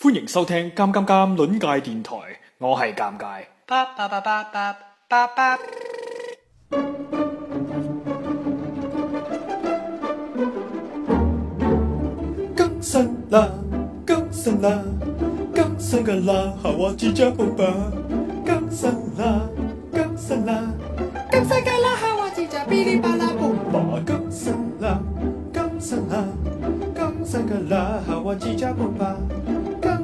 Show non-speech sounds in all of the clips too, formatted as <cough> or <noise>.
歡迎收聽《尷尷尷》尷界電台，我係尷尬。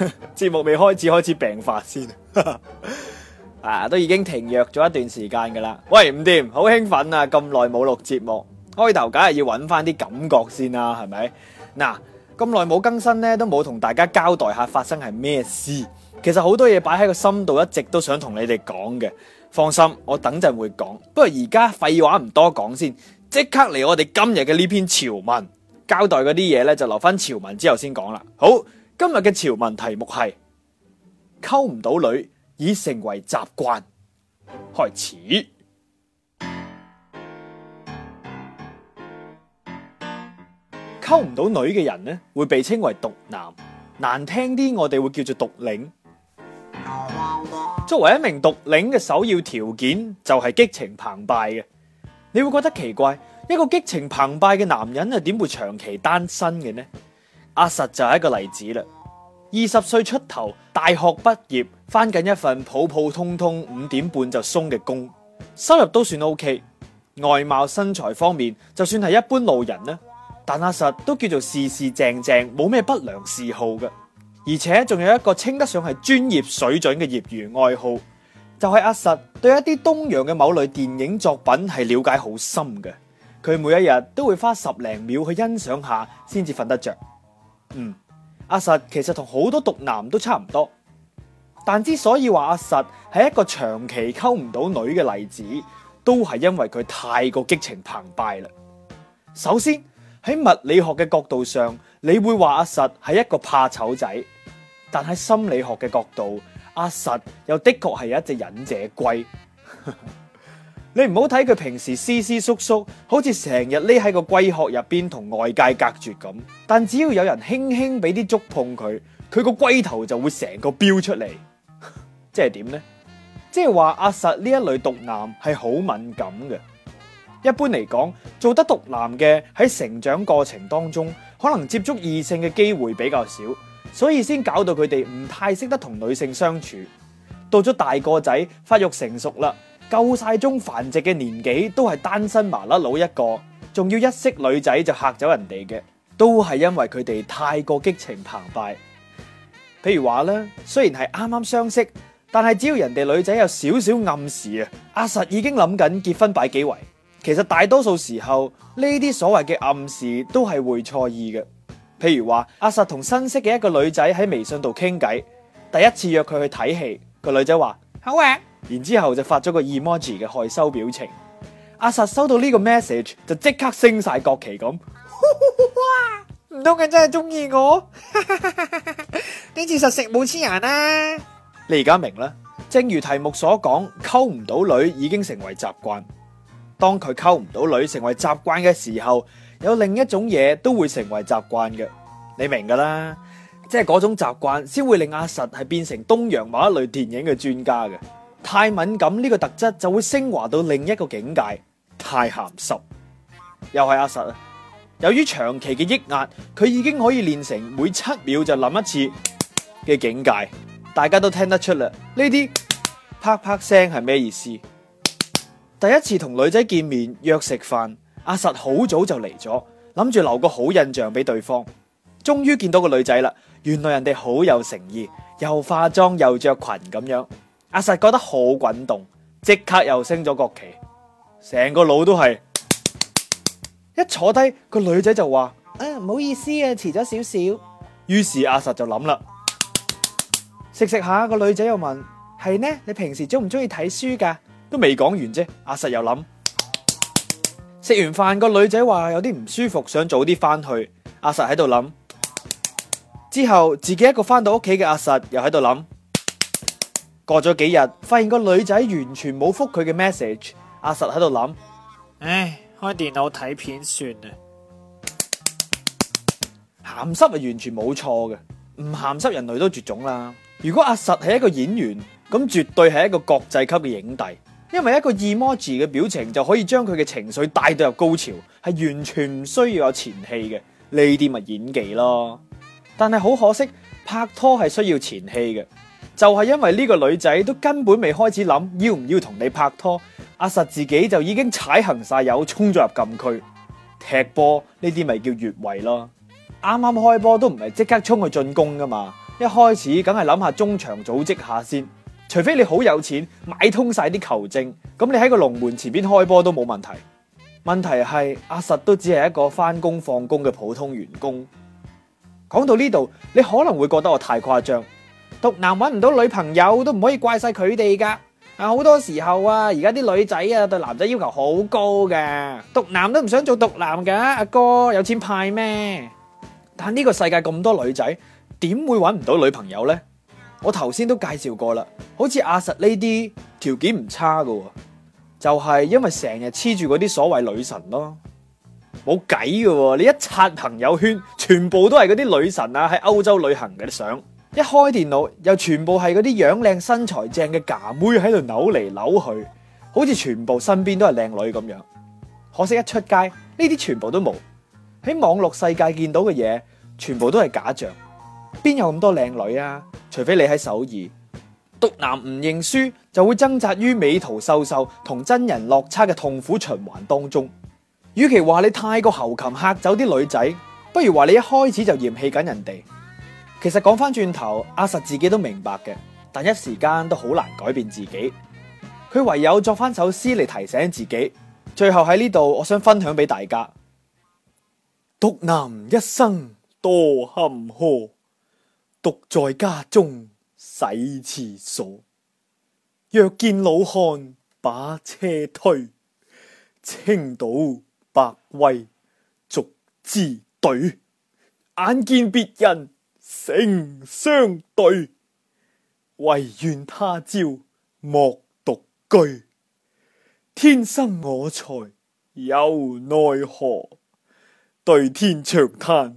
<laughs> 節目未開始，開始病發先 <laughs> 啊！都已經停藥咗一段時間噶啦。喂，唔掂，好興奮啊！咁耐冇錄節目，開頭梗係要揾翻啲感覺先啦，係咪？嗱、啊，咁耐冇更新呢，都冇同大家交代下發生係咩事。其實好多嘢擺喺個心度，一直都想同你哋講嘅。放心，我等陣會講。不過而家廢話唔多講先，即刻嚟我哋今日嘅呢篇潮文交代嗰啲嘢呢，就留翻潮文之後先講啦。好。今日嘅潮文題目係溝唔到女已成為習慣，開始。溝唔到女嘅人呢，會被稱為毒男，難聽啲我哋會叫做毒領。作為一名毒領嘅首要條件就係激情澎湃嘅。你會覺得奇怪，一個激情澎湃嘅男人係，點會長期單身嘅呢？阿實就係一個例子啦。二十歲出頭，大學畢業，翻緊一份普普通通五點半就鬆嘅工，收入都算 OK。外貌身材方面，就算係一般路人呢，但阿實都叫做事事正正，冇咩不良嗜好嘅。而且仲有一個稱得上係專業水準嘅業餘愛好，就係、是、阿實對一啲東洋嘅某類電影作品係了解好深嘅。佢每一日都會花十零秒去欣賞下才，先至瞓得着。嗯，阿實其實同好多毒男都差唔多，但之所以話阿實係一個長期溝唔到女嘅例子，都係因為佢太過激情澎湃啦。首先喺物理學嘅角度上，你會話阿實係一個怕醜仔，但喺心理學嘅角度，阿實又的確係一隻忍者龜。 <laughs> 你唔好睇佢平時斯斯縮縮，好似成日匿喺個龜殼入邊同外界隔絕咁。但只要有人輕輕俾啲觸碰佢，佢個龜頭就會成個飆出嚟。 <laughs> 即係點呢？即係話阿實呢一類毒男係好敏感嘅。一般嚟講，做得毒男嘅喺成長過程當中，可能接觸異性嘅機會比較少，所以先搞到佢哋唔太識得同女性相處。到咗大個仔，發育成熟啦。夠晒中繁殖嘅年紀都係單身麻甩佬一個，仲要一識女仔就吓走人哋嘅，都係因為佢哋太過激情澎湃。譬如話啦，雖然係啱啱相識，但係只要人哋女仔有少少暗示啊，阿實已經諗緊結婚擺幾圍。其實大多數時候呢啲所謂嘅暗示都係會錯意嘅。譬如話，阿實同新識嘅一個女仔喺微信度傾偈，第一次約佢去睇戲，個女仔話好啊。然之後就發咗個 emoji 嘅害羞表情。阿實收到呢個 message 就即刻升晒國旗咁，哇！ <laughs> 唔通佢真係中意我？呢次實食冇黐人啦。你而家明啦？正如題目所講，溝唔到女已經成為習慣。當佢溝唔到女成為習慣嘅時候，有另一種嘢都會成為習慣嘅。你明噶啦？即係嗰種習慣先會令阿實係變成東洋某一類電影嘅專家嘅。太敏感呢個特質就會升華到另一個境界，太鹹濕。又係阿實啊，由於長期嘅抑壓，佢已經可以練成每七秒就諗一次嘅境界。大家都聽得出啦，呢啲啪啪聲係咩意思？第一次同女仔見面約食飯，阿實好早就嚟咗，諗住留個好印象俾對方。終於見到個女仔啦，原來人哋好有誠意，又化妝又着裙咁樣。阿實覺得好滾動，即刻又升咗國旗，成個腦都係。一坐低，個女仔就話：，誒，唔好意思啊，遲咗少少。於是阿實就諗啦，食食下個女仔又問：係呢？你平時中唔中意睇書噶？都未講完啫。阿實又諗。食完飯個女仔話有啲唔舒服，想早啲翻去。阿實喺度諗。之後自己一個翻到屋企嘅阿實又喺度諗。過咗幾日，發現個女仔完全冇覆佢嘅 message。阿實喺度諗，唉，開電腦睇片算啦。咸濕係完全冇錯嘅，唔咸濕人類都絕種啦。如果阿實係一個演員，咁絕對係一個國際級嘅影帝，因為一個 emoji 嘅表情就可以將佢嘅情緒帶到入高潮，係完全唔需要有前戲嘅。呢啲咪演技咯。但係好可惜，拍拖係需要前戲嘅。就係因為呢個女仔都根本未開始諗要唔要同你拍拖，阿實自己就已經踩行晒油衝咗入禁區踢波。呢啲咪叫越位咯。啱啱開波都唔係即刻衝去進攻噶嘛，一開始梗係諗下中場組織下先，除非你好有錢買通晒啲球證，咁你喺個龍門前邊開波都冇問題。問題係阿實都只係一個翻工放工嘅普通員工。講到呢度，你可能會覺得我太誇張。毒男揾唔到女朋友都唔可以怪晒佢哋噶，啊好多時候啊，而家啲女仔啊對男仔要求好高㗎。毒男都唔想做毒男噶，阿哥有錢派咩？但呢個世界咁多女仔，點會揾唔到女朋友呢？我頭先都介紹過啦，好似阿實呢啲條件唔差噶，就係因為成日黐住嗰啲所謂女神咯，冇計喎，你一刷朋友圈，全部都係嗰啲女神啊喺歐洲旅行嘅啲相。一開電腦又全部係嗰啲樣靚身材正嘅假妹喺度扭嚟扭去，好似全部身邊都係靚女咁樣。可惜一出街呢啲全部都冇。喺網絡世界見到嘅嘢，全部都係假象，邊有咁多靚女啊？除非你喺首爾。毒男唔認輸就會掙扎於美圖秀秀同真人落差嘅痛苦循環當中。與其話你太過猴琴嚇走啲女仔，不如話你一開始就嫌棄緊人哋。其實講翻轉頭，阿實自己都明白嘅，但一時間都好難改變自己。佢唯有作翻首詩嚟提醒自己。最後喺呢度，我想分享俾大家：獨男一生多坎坷，獨在家中洗廁所。若見老漢把車推，青島百威逐之隊，眼見別人。正相對，唯願他朝莫獨居。天生我才有奈何？對天長嘆，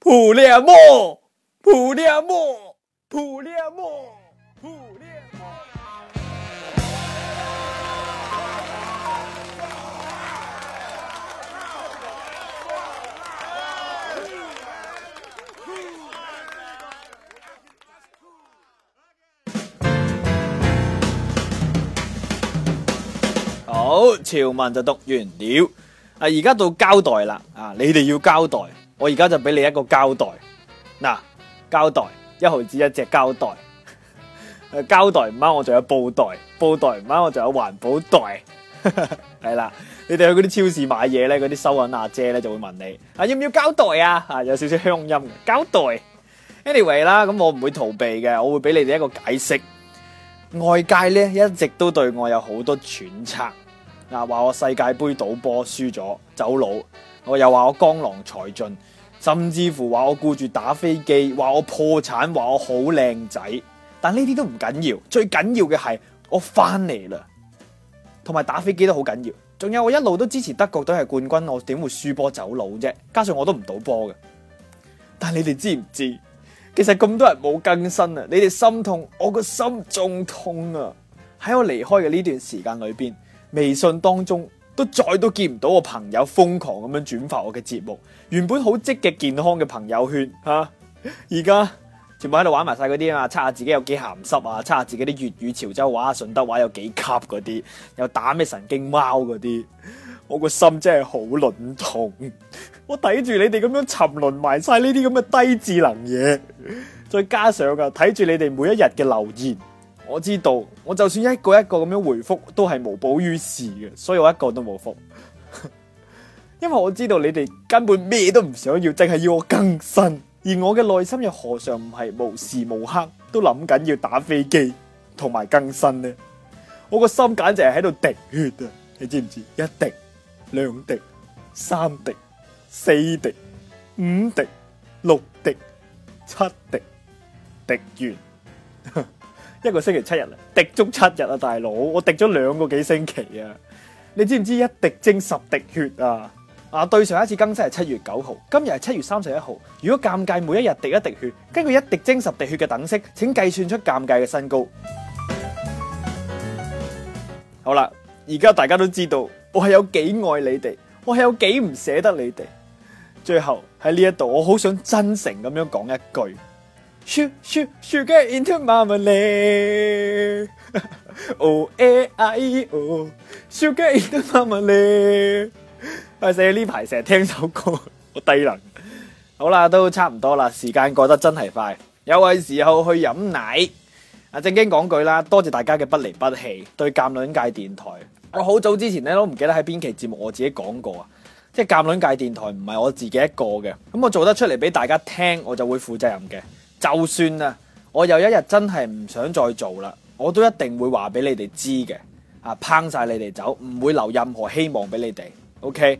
胡良摩，胡良摩，胡良摩。潮文就讀完了啊！而家到交代啦啊！你哋要交代，我而家就俾你一個交代嗱。交代一毫子一隻膠袋，膠袋唔啱我，仲有布袋，布袋唔啱我，仲有環保袋係啦。你哋去嗰啲超市買嘢咧，嗰啲收銀阿姐咧就會問你啊，要唔要膠袋啊？啊，有少少鄉音嘅膠袋。Anyway 啦，咁我唔會逃避嘅，我會俾你哋一個解釋。外界咧一直都對我有好多揣測。啊！話我世界杯賭波輸咗走佬，我又話我江郎才盡，甚至乎話我顧住打飛機，話我破產，話我好靚仔。但呢啲都唔緊要，最緊要嘅係我翻嚟啦，同埋打飛機都好緊要。仲有我一路都支持德國隊係冠軍，我點會輸波走佬啫？加上我都唔賭波嘅。但你哋知唔知？其實咁多人冇更新啊！你哋心痛，我個心仲痛啊！喺我離開嘅呢段時間裏邊。微信當中都再都見唔到個朋友瘋狂咁樣轉發我嘅節目，原本好積極健康嘅朋友圈，吓而家全部喺度玩埋晒嗰啲啊嘛，測下自己有幾鹹濕啊，測下自己啲粵語潮州話順德話有幾級嗰啲，又打咩神經貓嗰啲，我個心真係好卵痛，我睇住你哋咁樣沉淪埋晒呢啲咁嘅低智能嘢，再加上噶睇住你哋每一日嘅留言。我知道，我就算一個一個咁樣回覆，都係無補於事嘅，所以我一個都冇覆。 <laughs> 因為我知道你哋根本咩都唔想要，淨係要我更新。而我嘅內心又何嘗唔係無時無刻都諗緊要打飛機同埋更新呢？我個心簡直係喺度滴血啊！你知唔知？一滴、兩滴、三滴、四滴、五滴、六滴、七滴，滴完。 <laughs> 一個星期七日啊，滴足七日啊，大佬，我滴咗兩個幾星期啊！你知唔知一滴精十滴血啊？啊，對上一次更新係七月九號，今日係七月三十一號。如果尷尬每一日滴一滴血，根據一滴精十滴血嘅等式，請計算出尷尬嘅身高。好啦，而家大家都知道我係有幾愛你哋，我係有幾唔捨得你哋。最後喺呢一度，我好想真誠咁樣講一句。s u sugar into m mouth, <laughs> o a i、e、sugar into m mouth, le。啊！呢排成日聽首歌，我低能。 <laughs> 好啦，都差唔多啦，時間過得真係快。有位時候去飲奶啊，正經講句啦，多謝大家嘅不離不棄，對鑒卵界電台。Uh huh. 我好早之前咧都唔記得喺邊期節目我自己講過啊，即係鑒卵界電台唔係我自己一個嘅，咁我做得出嚟俾大家聽，我就會負責任嘅。就算啊，我有一日真係唔想再做啦，我都一定會話俾你哋知嘅，啊，拚晒你哋走，唔會留任何希望俾你哋。OK，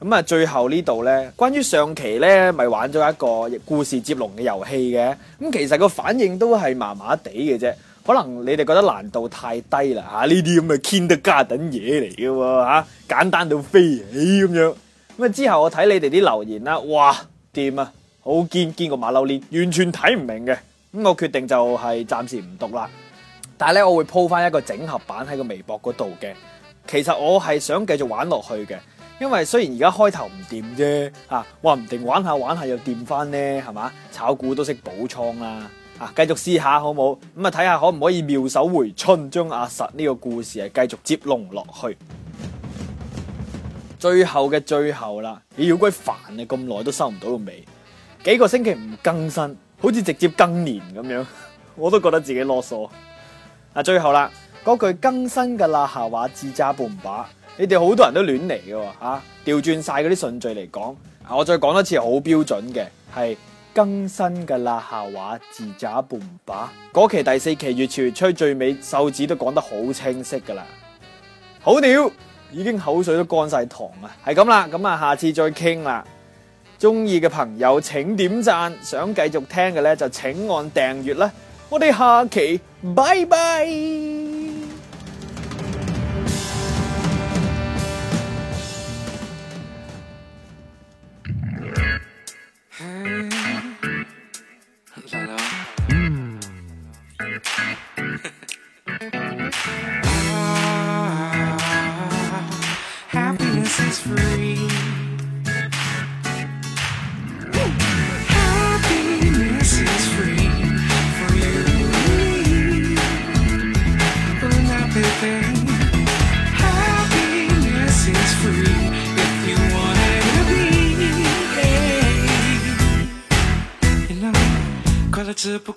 咁啊，最後呢度咧，關於上期咧，咪玩咗一個故事接龍嘅遊戲嘅，咁其實個反應都係麻麻地嘅啫，可能你哋覺得難度太低啦吓，呢啲咁嘅 Kindergarten 等嘢嚟嘅喎吓，簡單到飛起咁樣，咁啊之後我睇你哋啲留言啦，哇，掂啊！好堅，堅過馬騮鏈，完全睇唔明嘅，咁我決定就係暫時唔讀啦。但係咧，我會鋪翻一個整合版喺個微博嗰度嘅。其實我係想繼續玩落去嘅，因為雖然而家開頭唔掂啫，吓話唔定玩下玩下又掂翻呢，係嘛？炒股都識補倉啦，啊，繼續試下好冇？咁啊睇下可唔可以妙手回春，將阿實呢個故事係繼續接龍落去。最後嘅最後啦，你妖鬼煩啊！咁耐都收唔到個尾。幾個星期唔更新，好似直接更年咁樣，我都覺得自己囉嗦。最後啦，嗰句更新噶啦下話自扎半把，你哋好多人都亂嚟嘅吓，調轉晒嗰啲順序嚟講。我再講多次，好標準嘅係更新噶啦下話自扎半把。嗰期第四期越潮越吹最尾，手指都講得好清晰噶啦。好屌，已經口水都乾晒糖啊，係咁啦，咁啊，下次再傾啦。鍾意嘅朋友請點讚，想繼續聽嘅咧就請按訂閱啦，我哋下期拜拜。